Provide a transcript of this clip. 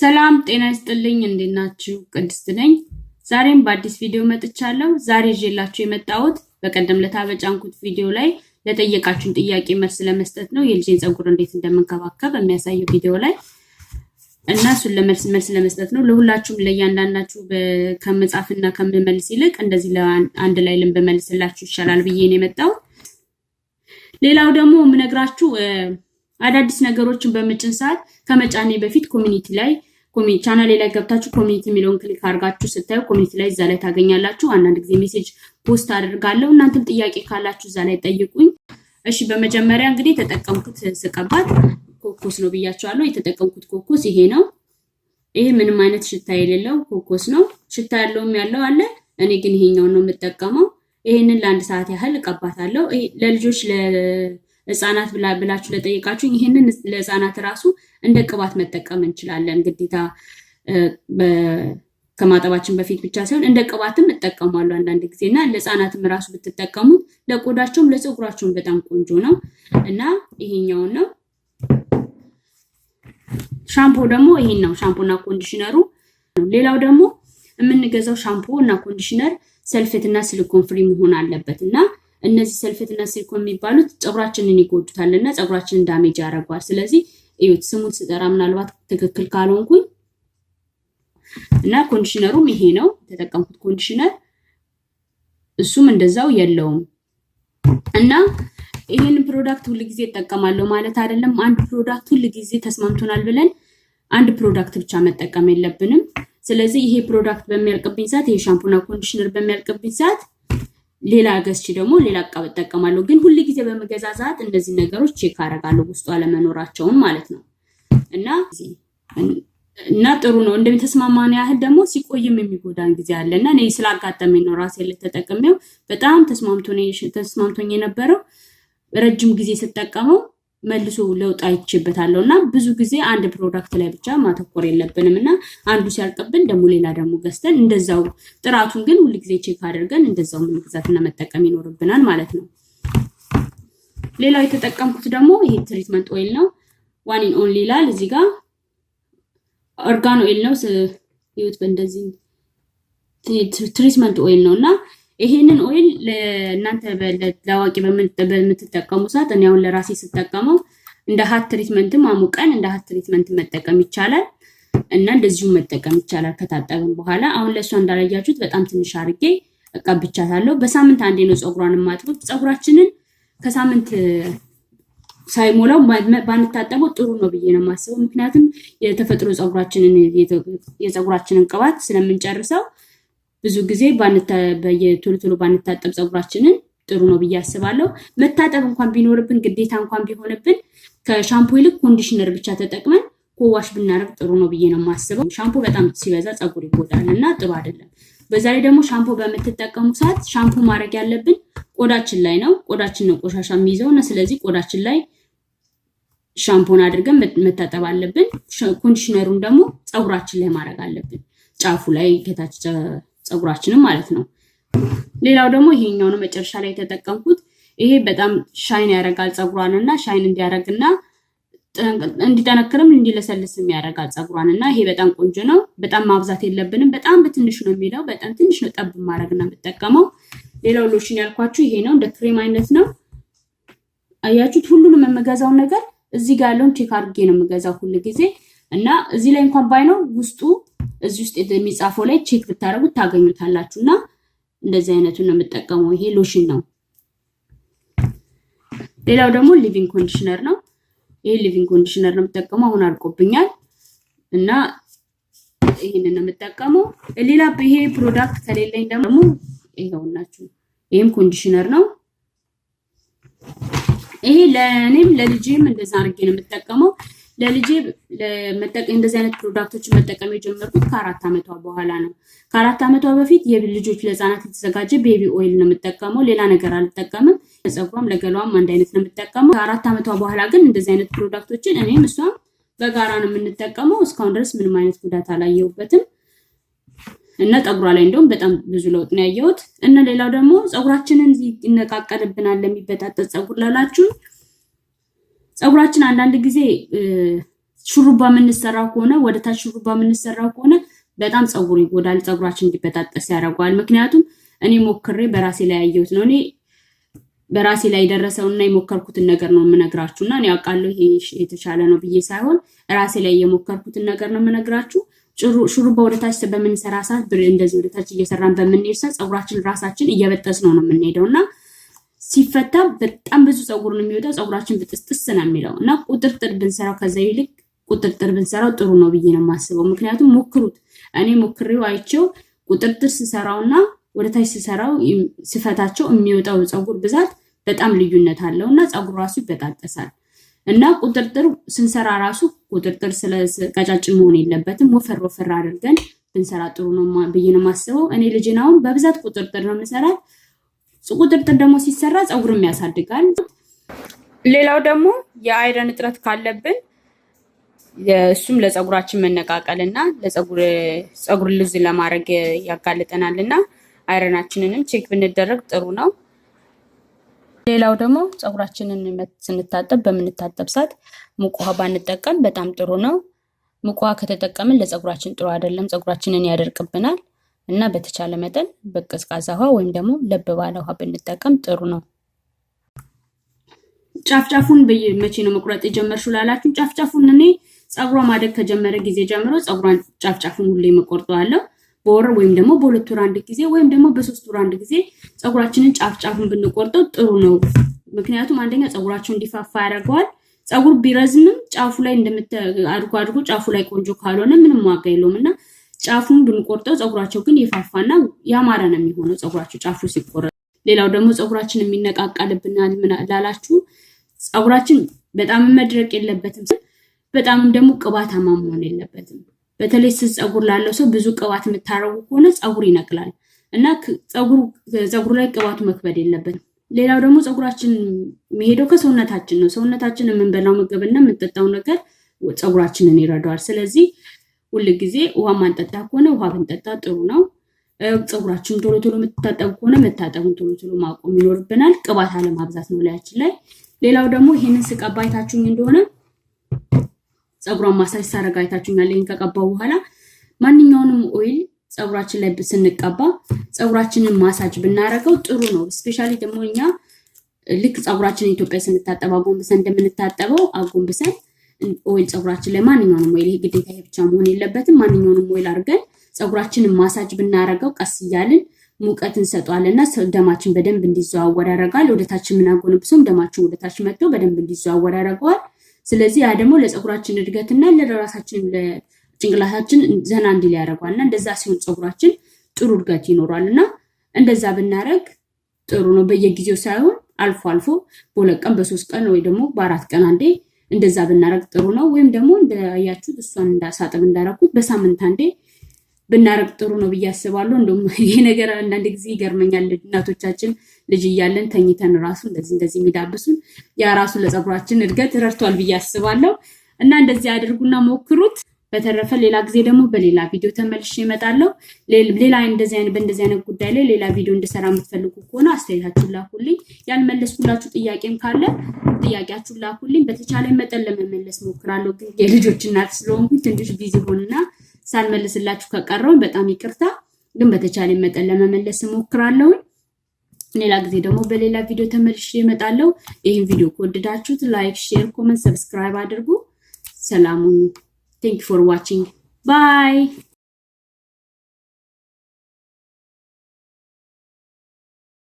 ሰላም ጤና ይስጥልኝ። እንዴት ናችሁ? ቅድስት ነኝ። ዛሬም በአዲስ ቪዲዮ መጥቻለሁ። ዛሬ ይዤላችሁ የመጣሁት በቀደም ለታ በጫንኩት ቪዲዮ ላይ ለጠየቃችሁን ጥያቄ መልስ ለመስጠት ነው። የልጄን ፀጉር እንዴት እንደምንከባከብ የሚያሳየው ቪዲዮ ላይ እና እሱን ለመልስ መልስ ለመስጠት ነው። ለሁላችሁም ለእያንዳንዳችሁ ከመጻፍና ከምመልስ ይልቅ እንደዚህ አንድ ላይ ልንበመልስላችሁ ይሻላል ብዬ ነው የመጣሁት። ሌላው ደግሞ የምነግራችሁ አዳዲስ ነገሮችን በምጭን ሰዓት ከመጫኔ በፊት ኮሚኒቲ ላይ ቻናሌ ላይ ገብታችሁ ኮሚኒቲ የሚለውን ክሊክ አድርጋችሁ ስታዩ ኮሚኒቲ ላይ እዛ ላይ ታገኛላችሁ። አንዳንድ ጊዜ ሜሴጅ ፖስት አድርጋለሁ። እናንተም ጥያቄ ካላችሁ እዛ ላይ ጠይቁኝ። እሺ፣ በመጀመሪያ እንግዲህ የተጠቀምኩት ስቀባት ኮኮስ ነው ብያቸዋለሁ። የተጠቀምኩት ኮኮስ ይሄ ነው። ይሄ ምንም አይነት ሽታ የሌለው ኮኮስ ነው። ሽታ ያለውም ያለው አለ። እኔ ግን ይሄኛውን ነው የምጠቀመው። ይሄንን ለአንድ ሰዓት ያህል እቀባታለሁ። ለልጆች ህጻናት ብላችሁ ለጠየቃችሁ ይህንን ለህፃናት ራሱ እንደ ቅባት መጠቀም እንችላለን። ግዴታ ከማጠባችን በፊት ብቻ ሳይሆን እንደ ቅባትም እጠቀማሉ አንዳንድ ጊዜ እና ለህፃናትም ራሱ ብትጠቀሙት ለቆዳቸውም ለፀጉራቸውም በጣም ቆንጆ ነው እና ይሄኛውን ነው። ሻምፖ ደግሞ ይሄን ነው። ሻምፖና ኮንዲሽነሩ ሌላው ደግሞ የምንገዛው ሻምፖ እና ኮንዲሽነር ሰልፌት እና ሲሊኮን ፍሪ መሆን አለበት እና እነዚህ ሰልፌትና ሲሊኮን የሚባሉት ፀጉራችንን ይጎዱታል እና ፀጉራችንን ዳሜጅ ያደርገዋል። ስለዚህ እዩት፣ ስሙን ስጠራ ምናልባት ትክክል ካልሆንኩኝ እና ኮንዲሽነሩም ይሄ ነው የተጠቀምኩት ኮንዲሽነር፣ እሱም እንደዛው የለውም እና ይህንን ፕሮዳክት ጊዜ እጠቀማለሁ ማለት አይደለም። አንድ ፕሮዳክት ጊዜ ተስማምቶናል ብለን አንድ ፕሮዳክት ብቻ መጠቀም የለብንም። ስለዚህ ይሄ ፕሮዳክት በሚያልቅብኝ ሰዓት ይሄ ሻምፑና ኮንዲሽነር በሚያልቅብኝ ሰዓት ሌላ ገዝቼ ደግሞ ሌላ እቃ እጠቀማለሁ። ግን ሁል ጊዜ በመገዛ ሰዓት እነዚህ ነገሮች ቼክ አደርጋለሁ ውስጡ አለመኖራቸውን ማለት ነው። እና እና ጥሩ ነው እንደሚተስማማን ያህል ደግሞ ሲቆይም የሚጎዳን ጊዜ አለ እና እኔ ስላጋጠመኝ ነው ራሴ ተጠቅሜው በጣም ተስማምቶኝ የነበረው ረጅም ጊዜ ስጠቀመው መልሶ ለውጥ አይችበታለሁ እና ብዙ ጊዜ አንድ ፕሮዳክት ላይ ብቻ ማተኮር የለብንም እና አንዱ ሲያልቅብን ደግሞ ሌላ ደግሞ ገዝተን እንደዛው ጥራቱን ግን ሁልጊዜ ቼክ አድርገን እንደዛው መግዛትና መጠቀም ይኖርብናል ማለት ነው። ሌላው የተጠቀምኩት ደግሞ ይሄ ትሪትመንት ኦይል ነው። ዋኒን ኦንሊ ይላል እዚህ ጋር ኦርጋን ኦይል ነው። ህይወት በእንደዚህ ትሪትመንት ኦይል ነው እና ይሄንን ኦይል እናንተ ለአዋቂ በምትጠቀሙ ሰዓት እኔ አሁን ለራሴ ስጠቀመው እንደ ሀት ትሪትመንትም አሙቀን እንደ ሀት ትሪትመንት መጠቀም ይቻላል እና እንደዚሁም መጠቀም ይቻላል ከታጠብም በኋላ። አሁን ለእሷ እንዳላያችሁት በጣም ትንሽ አርጌ እቀብቻታለሁ። በሳምንት አንዴ ነው ፀጉሯን ማጥቦት። ፀጉራችንን ከሳምንት ሳይሞላው ባንታጠበው ጥሩ ነው ብዬ ነው የማስበው። ምክንያቱም የተፈጥሮ ፀጉራችንን የፀጉራችንን ቅባት ስለምንጨርሰው ብዙ ጊዜ በየቶሎ ቶሎ ባንታጠብ ፀጉራችንን ጥሩ ነው ብዬ አስባለሁ። መታጠብ እንኳን ቢኖርብን ግዴታ እንኳን ቢሆንብን ከሻምፖ ይልቅ ኮንዲሽነር ብቻ ተጠቅመን ኮዋሽ ብናደርግ ጥሩ ነው ብዬ ነው የማስበው። ሻምፖ በጣም ሲበዛ ፀጉር ይጎዳል እና ጥሩ አይደለም። በዛ ላይ ደግሞ ሻምፖ በምትጠቀሙ ሰዓት ሻምፖ ማድረግ ያለብን ቆዳችን ላይ ነው። ቆዳችን ነው ቆሻሻ የሚይዘው እና ስለዚህ ቆዳችን ላይ ሻምፖን አድርገን መታጠብ አለብን። ኮንዲሽነሩን ደግሞ ፀጉራችን ላይ ማድረግ አለብን ጫፉ ላይ ከታች ፀጉራችንም ማለት ነው። ሌላው ደግሞ ይሄኛው ነው መጨረሻ ላይ የተጠቀምኩት። ይሄ በጣም ሻይን ያደርጋል ፀጉሯን እና ሻይን እንዲያደርግና እንዲጠነክርም እንዲለሰልስም ያደርጋል ፀጉሯን እና ይሄ በጣም ቆንጆ ነው። በጣም ማብዛት የለብንም። በጣም በትንሽ ነው የሚለው በጣም ትንሽ ነው ጠብ ማድረግና የምጠቀመው። ሌላው ሎሽን ያልኳችሁ ይሄ ነው። እንደ ክሬም አይነት ነው። አያችሁት? ሁሉንም የምገዛውን ነገር እዚህ ጋር ያለውን ቼክ አድርጌ ነው የምገዛው ሁል ጊዜ እና እዚህ ላይ እንኳን ባይነው ውስጡ እዚህ ውስጥ የሚጻፈው ላይ ቼክ ብታደርጉት ታገኙታላችሁ። እና እንደዚህ አይነቱን ነው የምጠቀመው። ይሄ ሎሽን ነው። ሌላው ደግሞ ሊቪንግ ኮንዲሽነር ነው። ይሄ ሊቪንግ ኮንዲሽነር ነው የምጠቀመው። አሁን አልቆብኛል እና ይህንን ነው የምጠቀመው። ሌላ ይሄ ፕሮዳክት ከሌለኝ ደግሞ ይኸውናችሁ፣ ይህም ኮንዲሽነር ነው። ይሄ ለእኔም ለልጅም እንደዛ አድርጌ ነው የምጠቀመው። ለልጄ እንደዚህ አይነት ፕሮዳክቶችን መጠቀም የጀመርኩት ከአራት ዓመቷ በኋላ ነው። ከአራት ዓመቷ በፊት የልጆች ለህፃናት የተዘጋጀ ቤቢ ኦይል ነው የምጠቀመው፣ ሌላ ነገር አልጠቀምም። ለፀጉሯም ለገላዋም አንድ አይነት ነው የምጠቀመው። ከአራት ዓመቷ በኋላ ግን እንደዚህ አይነት ፕሮዳክቶችን እኔም እሷም በጋራ ነው የምንጠቀመው። እስካሁን ድረስ ምንም አይነት ጉዳት አላየሁበትም እና ጠጉሯ ላይ እንደውም በጣም ብዙ ለውጥ ነው ያየሁት። እና ሌላው ደግሞ ፀጉራችንን ይነቃቀልብናል ለሚበጣጠጥ ፀጉር ላላችሁ ፀጉራችን አንዳንድ ጊዜ ሹሩባ የምንሰራው ከሆነ ወደታች ሹሩባ የምንሰራው ከሆነ በጣም ፀጉር ይጎዳል፣ ፀጉራችን እንዲበጣጠስ ያደርገዋል። ምክንያቱም እኔ ሞክሬ በራሴ ላይ ያየሁት ነው። እኔ በራሴ ላይ የደረሰውና የሞከርኩትን ነገር ነው የምነግራችሁ እና እኔ አውቃለሁ ይሄ የተሻለ ነው ብዬ ሳይሆን ራሴ ላይ የሞከርኩትን ነገር ነው የምነግራችሁ። ሹሩባ ወደታች በምንሰራ ሰዓት እንደዚህ ወደታች እየሰራን በምንሄድ ሰዓት ፀጉራችን ራሳችን እየበጠስ ነው ነው የምንሄደው እና ሲፈታ በጣም ብዙ ፀጉር ነው የሚወጣው። ፀጉራችን ብጥስጥስ ነው የሚለው እና ቁጥርጥር ብንሰራው ከዛ ይልቅ ቁጥርጥር ብንሰራው ጥሩ ነው ብዬ ነው የማስበው። ምክንያቱም ሞክሩት፣ እኔ ሞክሬው አይቼው ቁጥርጥር ስሰራውና ወደታች ስሰራው ስፈታቸው የሚወጣው ፀጉር ብዛት በጣም ልዩነት አለው እና ፀጉር ራሱ ይበጣጠሳል እና ቁጥርጥር ስንሰራ ራሱ ቁጥርጥር ስለቀጫጭ መሆን የለበትም። ወፈር ወፈር አድርገን ብንሰራ ጥሩ ነው ብዬ ነው የማስበው። እኔ ልጅናውን በብዛት ቁጥርጥር ነው የምሰራት ቁጥርጥር ደግሞ ሲሰራ ፀጉርም ያሳድጋል። ሌላው ደግሞ የአይረን እጥረት ካለብን እሱም ለፀጉራችን መነቃቀል እና ፀጉር ልዝ ለማድረግ ያጋልጠናል እና አይረናችንንም ቼክ ብንደረግ ጥሩ ነው። ሌላው ደግሞ ፀጉራችንን ስንታጠብ በምንታጠብ ሰዓት ሙቅ ውሃ ባንጠቀም በጣም ጥሩ ነው። ሙቅ ውሃ ከተጠቀምን ለፀጉራችን ጥሩ አይደለም፣ ፀጉራችንን ያደርቅብናል። እና በተቻለ መጠን በቀዝቃዛ ውሃ ወይም ደግሞ ለብ ባለ ውሃ ብንጠቀም ጥሩ ነው። ጫፍጫፉን መቼ ነው መቁረጥ የጀመርሽው ላላችሁ፣ ጫፍጫፉን እኔ ፀጉሯ ማደግ ከጀመረ ጊዜ ጀምሮ ፀጉሯን ጫፍጫፉን ሁሌ መቆርጠዋለሁ። በወር ወይም ደግሞ በሁለት ወር አንድ ጊዜ ወይም ደግሞ በሶስት ወር አንድ ጊዜ ፀጉራችንን ጫፍጫፉን ብንቆርጠው ጥሩ ነው። ምክንያቱም አንደኛ ፀጉራቸው እንዲፋፋ ያደርገዋል። ፀጉር ቢረዝምም ጫፉ ላይ አድርጎ አድርጎ ጫፉ ላይ ቆንጆ ካልሆነ ምንም ዋጋ የለውም እና ጫፉን ብንቆርጠው ፀጉራቸው ግን የፋፋና ያማረ ነው የሚሆነው ፀጉራቸው ጫፉ ሲቆረጥ። ሌላው ደግሞ ፀጉራችን የሚነቃቃልብናል ላላችሁ ፀጉራችን በጣም መድረቅ የለበትም፣ በጣምም ደግሞ ቅባታማ መሆን የለበትም። በተለይ ስስ ፀጉር ላለው ሰው ብዙ ቅባት የምታረጉ ከሆነ ፀጉር ይነቅላል እና ፀጉሩ ላይ ቅባቱ መክበድ የለበትም። ሌላው ደግሞ ፀጉራችን የሚሄደው ከሰውነታችን ነው። ሰውነታችን የምንበላው ምግብና የምንጠጣው ነገር ፀጉራችንን ይረዳዋል። ስለዚህ ሁል ጊዜ ውሃ ማንጠጣ ከሆነ ውሃ ብንጠጣ ጥሩ ነው። ፀጉራችን ቶሎ ቶሎ የምትታጠብ ከሆነ መታጠቡን ቶሎ ቶሎ ማቆም ይኖርብናል። ቅባት አለማብዛት ነው ላያችን ላይ። ሌላው ደግሞ ይህንን ስቀባ አይታችሁኝ እንደሆነ ፀጉሯን ማሳጅ ሳረጋ አይታችሁኛል። ይህን ከቀባው በኋላ ማንኛውንም ኦይል ፀጉራችን ላይ ስንቀባ ፀጉራችንን ማሳጅ ብናረገው ጥሩ ነው። እስፔሻሊ ደግሞ እኛ ልክ ፀጉራችንን ኢትዮጵያ ስንታጠብ አጎንብሰን እንደምንታጠበው አጎንብሰን ኦይል ፀጉራችን ላይ ማንኛውንም ኦይል ይሄ ግዴታ ይሄ ብቻ መሆን የለበትም። ማንኛውንም ኦይል አድርገን ፀጉራችንን ማሳጅ ብናረገው ቀስ እያልን ሙቀት እንሰጧልና ደማችን በደንብ እንዲዘዋወር ያደርጋል። ወደታችን የምናጎንብሰውም ደማችን ወደታች መጥቶ በደንብ እንዲዘዋወር ያደርገዋል። ስለዚህ ያ ደግሞ ለፀጉራችን እድገትና ለራሳችን ጭንቅላታችን ዘና እንዲል ያደርጓል እና እንደዛ ሲሆን ፀጉራችን ጥሩ እድገት ይኖሯል እና እንደዛ ብናደረግ ጥሩ ነው። በየጊዜው ሳይሆን አልፎ አልፎ በሁለት ቀን በሶስት ቀን ወይ ደግሞ በአራት ቀን አንዴ እንደዛ ብናረግ ጥሩ ነው። ወይም ደግሞ እንዳያችሁት እሷን እንዳሳጥብ እንዳረኩ በሳምንት አንዴ ብናረግ ጥሩ ነው ብዬ አስባለሁ። እንደውም ይሄ ነገር አንዳንድ ጊዜ ይገርመኛል። እናቶቻችን ልጅ እያለን ተኝተን ራሱ እንደዚህ እንደዚህ የሚዳብሱን ያ ራሱ ለፀጉራችን እድገት ረድቷል ብዬ አስባለሁ። እና እንደዚህ አድርጉና ሞክሩት። በተረፈ ሌላ ጊዜ ደግሞ በሌላ ቪዲዮ ተመልሼ እመጣለሁ። ሌላ በእንደዚህ አይነት ጉዳይ ላይ ሌላ ቪዲዮ እንድሰራ የምትፈልጉ ከሆነ አስተያየታችሁን ላኩልኝ። ያልመለስኩላችሁ ጥያቄም ካለ ጥያቄያችሁን ላኩልኝ። በተቻለ መጠን ለመመለስ ሞክራለሁ። ግን የልጆች እናት ስለሆንኩኝ ትንሽ ቢዚ ሆንና ሳልመልስላችሁ ከቀረውን በጣም ይቅርታ። ግን በተቻለ መጠን ለመመለስ ሞክራለሁ። ሌላ ጊዜ ደግሞ በሌላ ቪዲዮ ተመልሼ እመጣለሁ። ይህን ቪዲዮ ከወደዳችሁት ላይክ፣ ሼር፣ ኮመንት፣ ሰብስክራይብ አድርጉ። ሰላሙን ቴንክ ፎር ዋቺንግ ባይ